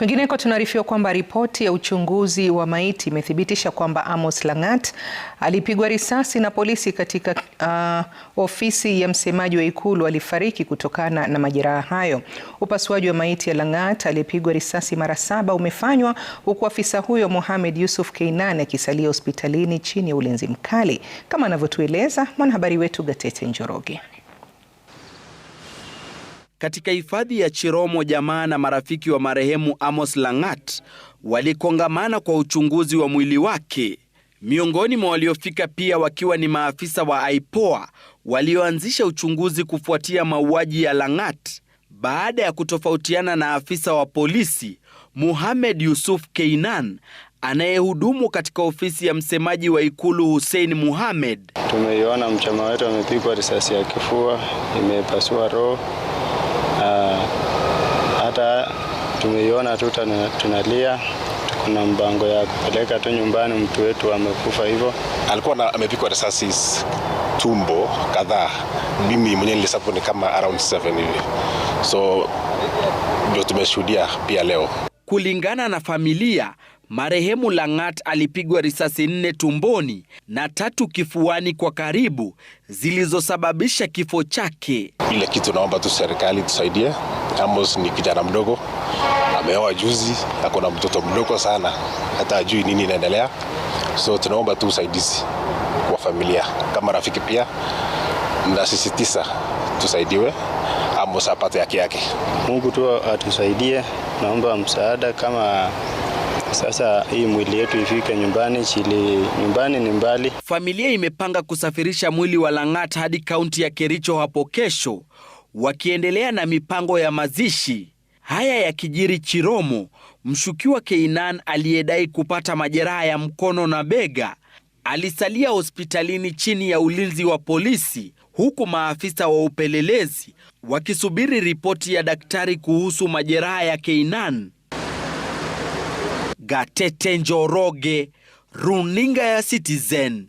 Kwingineko tunaarifiwa kwamba ripoti ya uchunguzi wa maiti imethibitisha kwamba Amos Langat alipigwa risasi na polisi katika uh, ofisi ya msemaji wa Ikulu. Alifariki kutokana na majeraha hayo. Upasuaji wa maiti ya Langat aliyepigwa risasi mara saba umefanywa huku afisa huyo Mohamed Yusuf Keinan akisalia hospitalini chini ya ulinzi mkali, kama anavyotueleza mwanahabari wetu Gatete Njoroge katika hifadhi ya Chiromo, jamaa na marafiki wa marehemu Amos Langat walikongamana kwa uchunguzi wa mwili wake. Miongoni mwa waliofika pia wakiwa ni maafisa wa IPOA walioanzisha uchunguzi kufuatia mauaji ya Langat baada ya kutofautiana na afisa wa polisi Muhamed Yusuf Keinan anayehudumu katika ofisi ya msemaji wa ikulu Hussein Muhamed. Tumeiona mchama wetu amepigwa risasi ya kifua, imepasua roho Tumeiona tu tunalia, kuna mbango mpango ya kupeleka tu nyumbani, mtu wetu amekufa hivyo. Alikuwa amepikwa risasi tumbo kadhaa. Mimi mwenyewe nilisapo ni kama around 7 hivi, so ndio tumeshuhudia pia leo. Kulingana na familia, marehemu Langat alipigwa risasi nne tumboni na tatu kifuani kwa karibu, zilizosababisha kifo chake. Ile kitu naomba tu serikali tusaidie Amos ni kijana mdogo, ameoa juzi, ako na mtoto mdogo sana, hata ajui nini inaendelea. So tunaomba tu usaidizi kwa familia kama rafiki pia, na sisi tisa tusaidiwe, Amos apate haki yake. Mungu tu atusaidie, naomba msaada kama sasa hii mwili yetu ifike nyumbani, chili nyumbani ni mbali. Familia imepanga kusafirisha mwili wa Lang'at hadi kaunti ya Kericho hapo kesho wakiendelea na mipango ya mazishi. Haya ya kijiri Chiromo, mshukiwa Keinan aliyedai kupata majeraha ya mkono na bega alisalia hospitalini chini ya ulinzi wa polisi, huku maafisa wa upelelezi wakisubiri ripoti ya daktari kuhusu majeraha ya Keinan. Gatete Njoroge, runinga ya Citizen.